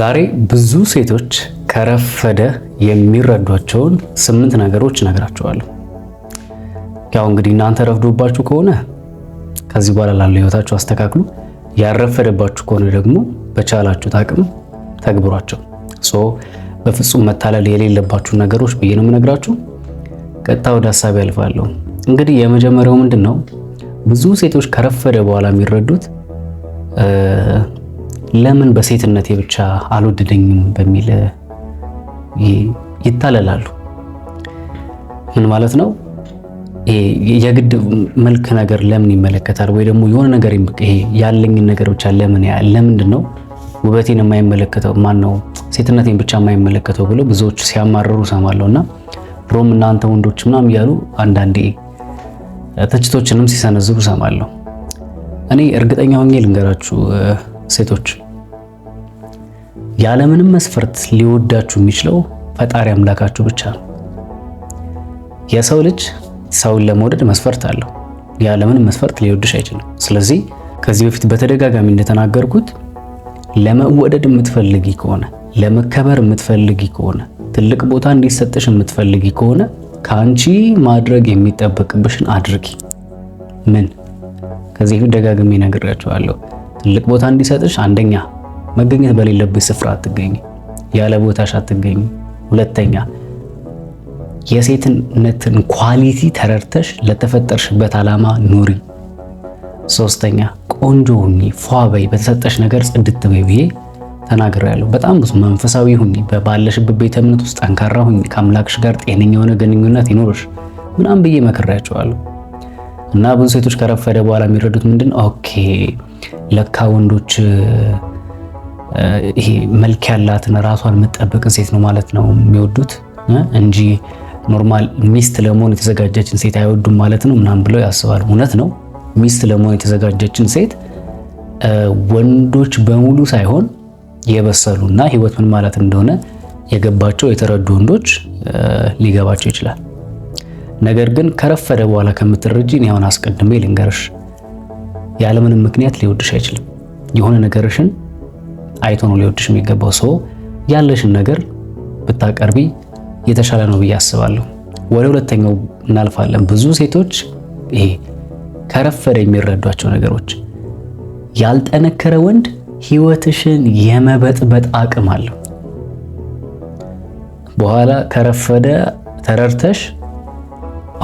ዛሬ ብዙ ሴቶች ከረፈደ የሚረዷቸውን ስምንት ነገሮች እነግራቸዋለሁ። ያው እንግዲህ እናንተ ረፍዶባችሁ ከሆነ ከዚህ በኋላ ላለው ህይወታችሁ አስተካክሉ። ያረፈደባችሁ ከሆነ ደግሞ በቻላችሁት አቅም ተግብሯቸው። ሶ በፍጹም መታለል የሌለባችሁ ነገሮች ብዬ ነው የምነግራችሁ። ቀጥታ ወደ ሀሳብ ያልፋለሁ። እንግዲህ የመጀመሪያው ምንድን ነው? ብዙ ሴቶች ከረፈደ በኋላ የሚረዱት ለምን በሴትነቴ ብቻ አልወደደኝም በሚል ይታለላሉ። ምን ማለት ነው? የግድ መልክ ነገር ለምን ይመለከታል? ወይ ደግሞ የሆነ ነገር ይሄ ያለኝን ነገር ብቻ ለምን ያ ለምንድን ነው ውበቴን የማይመለከተው ማን ነው ሴትነቴን ብቻ የማይመለከተው ብሎ ብዙዎች ሲያማርሩ ሰማለሁ። እና ድሮም እናንተ ወንዶች ምናምን እያሉ አንዳንዴ ትችቶችንም ሲሰነዝሩ ሰማለሁ። እኔ እርግጠኛ ሆኜ ልንገራችሁ ሴቶች ያለምንም መስፈርት ሊወዳችሁ የሚችለው ፈጣሪ አምላካችሁ ብቻ ነው። የሰው ልጅ ሰውን ለመውደድ መስፈርት አለው። ያለምንም መስፈርት ሊወድሽ አይችልም። ስለዚህ ከዚህ በፊት በተደጋጋሚ እንደተናገርኩት ለመወደድ የምትፈልጊ ከሆነ፣ ለመከበር የምትፈልጊ ከሆነ፣ ትልቅ ቦታ እንዲሰጥሽ የምትፈልጊ ከሆነ ከአንቺ ማድረግ የሚጠበቅብሽን አድርጊ። ምን ከዚህ ደጋግሜ ነግራችኋለሁ። ትልቅ ቦታ እንዲሰጥሽ፣ አንደኛ መገኘት በሌለብሽ ስፍራ አትገኝ፣ ያለ ቦታሽ አትገኝ። ሁለተኛ የሴትነትን ኳሊቲ ተረድተሽ ለተፈጠርሽበት ዓላማ ኑሪ። ሶስተኛ ቆንጆ ሁኚ፣ ፏ በይ፣ በተሰጠሽ ነገር ጽድት በይ ብዬ ተናግሬያለሁ። በጣም ብዙ መንፈሳዊ ሁኚ፣ ባለሽበት ቤተ እምነት ውስጥ ጠንካራ ሁኚ፣ ከአምላክሽ ጋር ጤነኛ የሆነ ግንኙነት ይኖርሽ ምናምን ብዬ መክሬያቸዋለሁ። እና ብዙ ሴቶች ከረፈደ በኋላ የሚረዱት ምንድን ኦኬ ለካ ወንዶች ይሄ መልክ ያላትን ራሷን የምትጠብቅን ሴት ነው ማለት ነው የሚወዱት እንጂ ኖርማል ሚስት ለመሆን የተዘጋጀችን ሴት አይወዱም ማለት ነው ምናምን ብለው ያስባሉ። እውነት ነው። ሚስት ለመሆን የተዘጋጀችን ሴት ወንዶች በሙሉ ሳይሆን የበሰሉና ህይወት ምን ማለት እንደሆነ የገባቸው የተረዱ ወንዶች ሊገባቸው ይችላል። ነገር ግን ከረፈደ በኋላ ከምትረጂ እኔ አሁን አስቀድሜ ልንገርሽ ያለምንም ምክንያት ሊወድሽ አይችልም። የሆነ ነገርሽን አይቶ ነው ሊወድሽ የሚገባው። ሰው ያለሽን ነገር ብታቀርቢ የተሻለ ነው ብዬ አስባለሁ። ወደ ሁለተኛው እናልፋለን። ብዙ ሴቶች ይሄ ከረፈደ የሚረዷቸው ነገሮች፣ ያልጠነከረ ወንድ ህይወትሽን የመበጥበጥ አቅም አለው። በኋላ ከረፈደ ተረድተሽ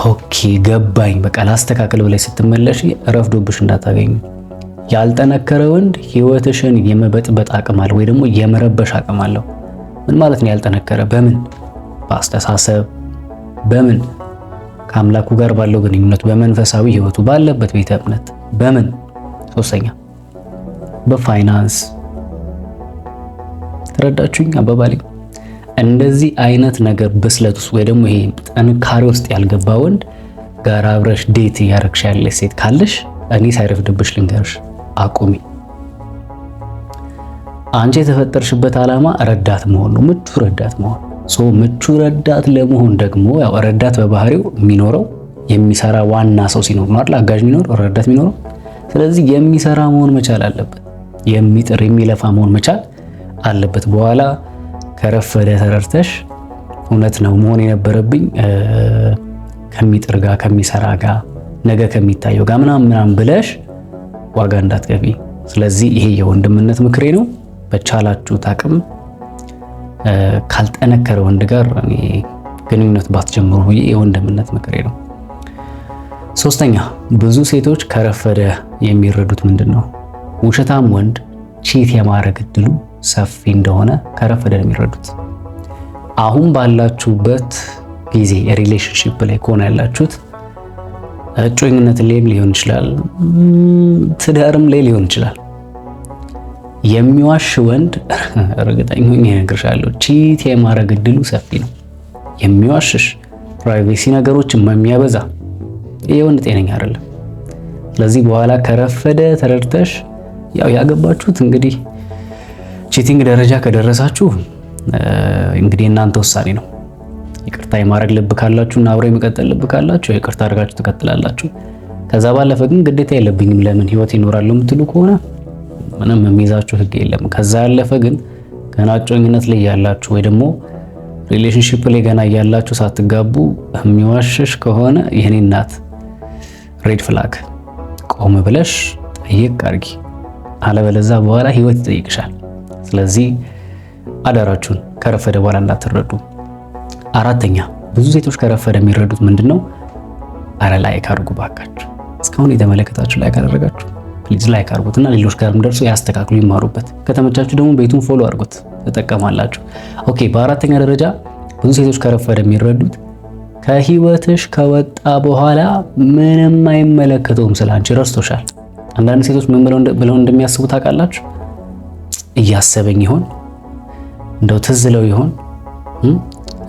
ኦኬ ገባኝ፣ በቃ ላስተካክል ብላይ ስትመለሽ ረፍዶብሽ እንዳታገኙ። ያልጠነከረ ወንድ ህይወትሽን የመበጥበጥ አቅም አለው ወይ ደግሞ የመረበሽ አቅም አለው። ምን ማለት ነው? ያልጠነከረ በምን በአስተሳሰብ በምን ከአምላኩ ጋር ባለው ግንኙነቱ በመንፈሳዊ ህይወቱ ባለበት ቤተ እምነት በምን ሶስተኛ በፋይናንስ ተረዳችሁኝ አባባሌ እንደዚህ አይነት ነገር ብስለት ውስጥ ወይ ደግሞ ይሄ ጥንካሬ ውስጥ ያልገባ ወንድ ጋር አብረሽ ዴት እያረግሽ ያለ ሴት ካለሽ እኔ ሳይረፍድብሽ ልንገርሽ፣ አቁሚ። አንቺ የተፈጠርሽበት ዓላማ ረዳት መሆን ነው፣ ምቹ ረዳት መሆን። ሶ ምቹ ረዳት ለመሆን ደግሞ ያው ረዳት በባህሪው የሚኖረው የሚሰራ ዋና ሰው ሲኖር ነው አይደል? አጋዥ የሚኖር ረዳት የሚኖረው። ስለዚህ የሚሰራ መሆን መቻል አለበት፣ የሚጥር የሚለፋ መሆን መቻል አለበት። በኋላ ከረፈደ ተረድተሽ እውነት ነው መሆን የነበረብኝ ከሚጥር ጋር ከሚሰራ ጋር ነገ ከሚታየው ጋር ምናምን ምናምን ብለሽ ዋጋ እንዳትገቢ። ስለዚህ ይሄ የወንድምነት ምክሬ ነው። በቻላችሁት አቅም ካልጠነከረ ወንድ ጋር ግንኙነት ባትጀምሩ ብዬ የወንድምነት ምክሬ ነው። ሶስተኛ፣ ብዙ ሴቶች ከረፈደ የሚረዱት ምንድን ነው? ውሸታም ወንድ ቺት የማድረግ እድሉ ሰፊ እንደሆነ ከረፈደ የሚረዱት። አሁን ባላችሁበት ጊዜ ሪሌሽንሽፕ ላይ ከሆነ ያላችሁት እጮኝነት ላይም ሊሆን ይችላል፣ ትዳርም ላይ ሊሆን ይችላል። የሚዋሽ ወንድ እርግጠኛ ሆኜ እነግርሻለሁ ቺት የማድረግ እድሉ ሰፊ ነው። የሚዋሽሽ ፕራይቬሲ ነገሮችን የሚያበዛ ይህ ወንድ ጤነኛ አይደለም። ስለዚህ በኋላ ከረፈደ ተረድተሽ ያው ያገባችሁት እንግዲህ ቺቲንግ ደረጃ ከደረሳችሁ እንግዲህ እናንተ ውሳኔ ነው። ይቅርታ የማድረግ ልብ ካላችሁ እና አብሮ የመቀጠል ልብ ካላችሁ ይቅርታ አድርጋችሁ ትቀጥላላችሁ። ከዛ ባለፈ ግን ግዴታ የለብኝም ለምን ህይወት ይኖራለሁ የምትሉ ከሆነ ምንም የሚይዛችሁ ህግ የለም። ከዛ ያለፈ ግን ገና እጮኝነት ላይ ያላችሁ ወይ ደግሞ ሪሌሽንሽፕ ላይ ገና እያላችሁ ሳትጋቡ የሚዋሽሽ ከሆነ የኔ እናት ሬድ ፍላግ ቆም ብለሽ ጠይቅ አድርጊ። አለበለዛ በኋላ ህይወት ይጠይቅሻል። ስለዚህ አዳራችሁን ከረፈደ በኋላ እንዳትረዱ። አራተኛ ብዙ ሴቶች ከረፈደ የሚረዱት ምንድን ነው? አረ ላይክ አድርጉ ባካችሁ። እስካሁን የተመለከታችሁ ላይክ አደረጋችሁ? ፕሊዝ ላይክ አድርጉት እና ሌሎች ጋርም ደርሶ ያስተካክሉ፣ ይማሩበት። ከተመቻችሁ ደግሞ ቤቱን ፎሎ አድርጉት፣ ተጠቀማላችሁ። ኦኬ። በአራተኛ ደረጃ ብዙ ሴቶች ከረፈደ የሚረዱት ከህይወትሽ ከወጣ በኋላ ምንም አይመለከተውም ስላንቺ፣ ረስቶሻል። አንዳንድ ሴቶች ምን ብለው እንደሚያስቡ ታውቃላችሁ? እያሰበኝ ይሆን እንደው ትዝለው ይሆን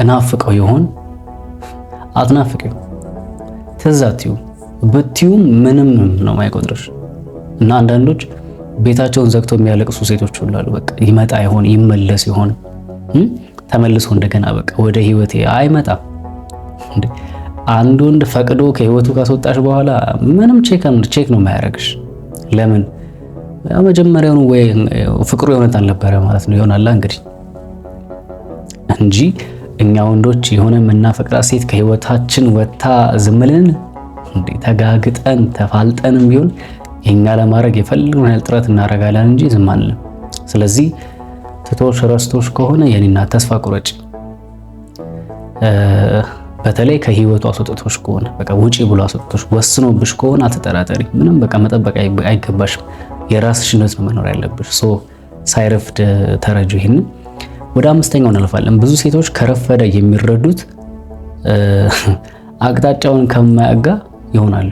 እናፍቀው ይሆን? አትናፍቀው ትዝ አትዩ፣ ብትዩም ምንም ነው ማይቆጥርሽ። እና አንዳንዶች ቤታቸውን ዘግተው የሚያለቅሱ ሴቶች ሁሉ አሉ። በቃ ይመጣ ይሆን ይመለስ ይሆን ተመልሶ እንደገና በቃ ወደ ህይወቴ አይመጣም። አንድ ወንድ ፈቅዶ ከህይወቱ ካስወጣሽ በኋላ ምንም ቼክ ነው የማያደርግሽ። ለምን መጀመሪያውኑ ወይ ፍቅሩ የእውነት አልነበረ ማለት ነው ይሆናላ እንግዲህ እንጂ እኛ ወንዶች የሆነ የምናፈቅራት ሴት ከህይወታችን ወጥታ ዝምልን እንዴ? ተጋግጠን ተፋልጠንም ቢሆን የኛ ለማድረግ የፈለግነውን ያህል ጥረት እናደርጋለን እንጂ ዝም አንልም። ስለዚህ ትቶሽ ረስቶሽ ከሆነ የኔና ተስፋ ቁረጭ። በተለይ ከህይወቱ አስወጥቶሽ ከሆነ በቃ ውጪ ብሎ አስወጥቶሽ ወስኖብሽ ከሆነ አትጠራጠሪ። ምንም በቃ መጠበቅ አይገባሽም። የራስሽ ነት መኖር ያለብሽ። ሶ ሳይረፍድ ተረጁ። ይህን ወደ አምስተኛው እናልፋለን። ብዙ ሴቶች ከረፈደ የሚረዱት አቅጣጫውን ከማያጋ ይሆናሉ።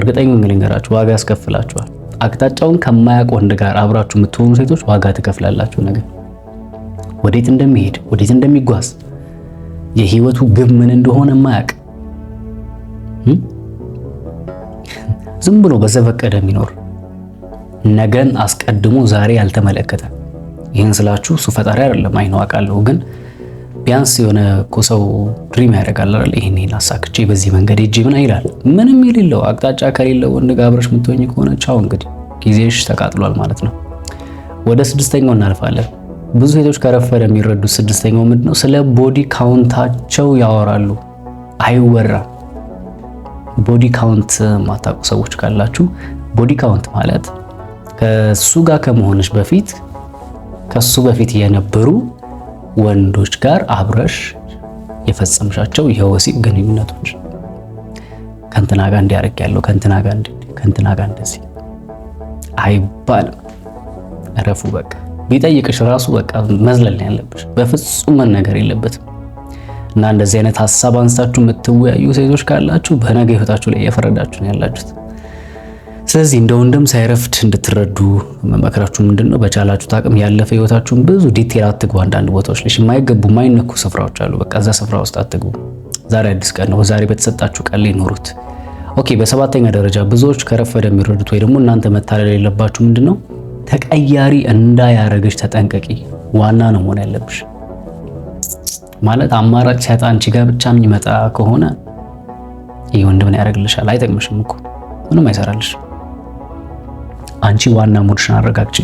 እርግጠኛ ልንገራችሁ፣ ዋጋ ያስከፍላችኋል። አቅጣጫውን ከማያውቅ ወንድ ጋር አብራችሁ የምትሆኑ ሴቶች ዋጋ ትከፍላላችሁ። ነገር ወዴት እንደሚሄድ ወዴት እንደሚጓዝ የህይወቱ ግብ ምን እንደሆነ የማያውቅ ዝም ብሎ በዘፈቀደ የሚኖር ነገን አስቀድሞ ዛሬ ያልተመለከተ። ይህን ስላችሁ እሱ ፈጣሪ አይደለም፣ አይነው አውቃለሁ። ግን ቢያንስ የሆነ እኮ ሰው ድሪም ያደርጋል አይደል? ይህን ይህን አሳክቼ በዚህ መንገድ ሄጄ ምን ይላል? ምንም የሌለው አቅጣጫ ከሌለው ወንድ ጋር አብረሽ የምትሆኝ ከሆነ ቻው እንግዲህ ጊዜሽ ተቃጥሏል ማለት ነው። ወደ ስድስተኛው እናልፋለን። ብዙ ሴቶች ከረፈደ የሚረዱት ስድስተኛው ምንድን ነው? ስለ ቦዲ ካውንታቸው ያወራሉ። አይወራም። ቦዲ ካውንት ማታውቁ ሰዎች ካላችሁ ቦዲ ካውንት ማለት ከሱ ጋር ከመሆንሽ በፊት ከሱ በፊት የነበሩ ወንዶች ጋር አብረሽ የፈጸምሻቸው የወሲብ ግንኙነቶች ከእንትና ጋር እንዲያደርግ ያለው ከእንትና ጋር እንደዚህ አይባልም። እረፉ በቃ። ቢጠይቅሽ ራሱ በቃ መዝለል ያለብሽ በፍጹም መነገር የለበትም። እና እንደዚህ አይነት ሀሳብ አንስታችሁ የምትወያዩ ሴቶች ካላችሁ በነገ ህይወታችሁ ላይ እየፈረዳችሁ ነው ያላችሁት። ስለዚህ እንደ ወንድም ሳይረፍድ እንድትረዱ መመክራችሁ ምንድን ነው፣ በቻላችሁት አቅም ያለፈ ህይወታችሁን ብዙ ዲቴል አትግቡ። አንዳንድ ቦታዎች ላይ የማይገቡ የማይነኩ ስፍራዎች አሉ። በቃ እዛ ስፍራ ውስጥ አትግቡ። ዛሬ አዲስ ቀን ነው። ዛሬ በተሰጣችሁ ቀን ላይ ኖሩት። ኦኬ። በሰባተኛ ደረጃ ብዙዎች ከረፈደ የሚረዱት ወይ ደግሞ እናንተ መታለል የለባችሁ ምንድን ነው ተቀያሪ እንዳያረግሽ ተጠንቀቂ። ዋና ነው መሆን ያለብሽ ማለት አማራጭ ሲያጣ አንቺ ጋር ብቻ የሚመጣ ከሆነ ይህ ወንድም ነው ያደርግልሻል። አይጠቅምሽም እኮ ምንም አይሰራልሽ። አንቺ ዋና ሙድሽን አረጋግጪ።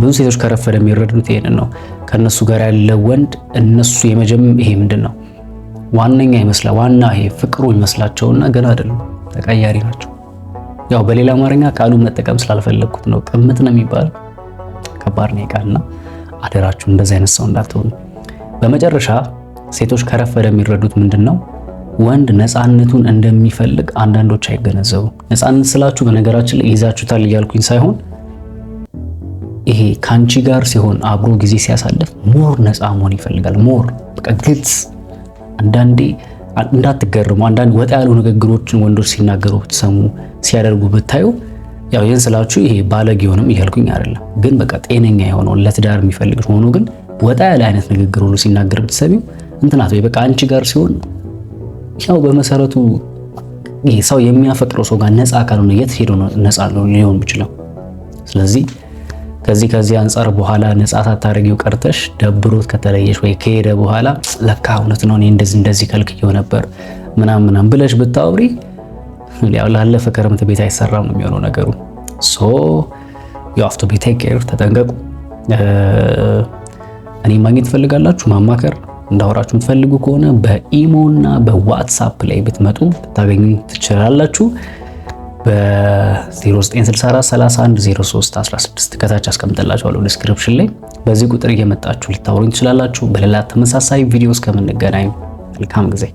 ብዙ ሴቶች ከረፈደ የሚረዱት ይሄንን ነው። ከነሱ ጋር ያለ ወንድ እነሱ የመጀም ይሄ ምንድን ነው ዋነኛ ይመስላ ዋና ይሄ ፍቅሩ ይመስላቸውና ገና አይደለም፣ ተቀያሪ ናቸው። ያው በሌላ አማርኛ ቃሉ መጠቀም ስላልፈለግኩት ነው ቅምጥ ነው የሚባለው። ከባድ ነው ይቃልና አደራችሁ እንደዚህ አይነት ሰው እንዳትሆኑ። በመጨረሻ ሴቶች ከረፈደ የሚረዱት ምንድን ነው? ወንድ ነፃነቱን እንደሚፈልግ አንዳንዶች አይገነዘቡም። ነፃነት ስላችሁ በነገራችን ላይ ይዛችሁታል እያልኩኝ ሳይሆን ይሄ ከአንቺ ጋር ሲሆን አብሮ ጊዜ ሲያሳልፍ ሞር ነፃ መሆን ይፈልጋል። ሞር በቃ ግልጽ። አንዳንዴ እንዳትገርሙ፣ አንዳንድ ወጣ ያሉ ንግግሮችን ወንዶች ሲናገሩ ብትሰሙ ሲያደርጉ ብታዩ ያው ይህን ስላችሁ ይሄ ባለጌውንም እያልኩኝ አይደለም፣ ግን በቃ ጤነኛ የሆነውን ለትዳር የሚፈልግ ሆኖ ግን ወጣ ያለ አይነት ንግግር ሁሉ ሲናገር ብትሰሚው እንትናት ወይ በቃ አንቺ ጋር ሲሆን ያው በመሰረቱ ይሄ ሰው የሚያፈቅረው ሰው ጋር ነፃ ካልሆነ የት ሄዶ ነፃ ሊሆን ይችላል? ስለዚህ ከዚህ ከዚህ አንጻር በኋላ ነፃ ሳታደርጊው ቀርተሽ ደብሮት ከተለየሽ ወይ ከሄደ በኋላ ለካ እውነት ነው እኔ እንደዚህ እንደዚህ ከልክየው ነበር ምናምን ምናምን ብለሽ ብታወሪ ያው ላለፈ ክረምት ቤት አይሰራም ነው የሚሆነው ነገሩ። ሶ ዩ ሃቭ ቱ ቢ ቴክ ኬር፣ ተጠንቀቁ። እኔ ማግኘት ትፈልጋላችሁ ማማከር እንዳወራችሁ የምትፈልጉ ከሆነ በኢሞ እና በዋትሳፕ ላይ ብትመጡ ልታገኙ ትችላላችሁ። በ0964310316 ከታች አስቀምጥላችኋለሁ ዲስክሪፕሽን ላይ። በዚህ ቁጥር እየመጣችሁ ልታወሩኝ ትችላላችሁ። በሌላ ተመሳሳይ ቪዲዮ እስከምንገናኝ መልካም ጊዜ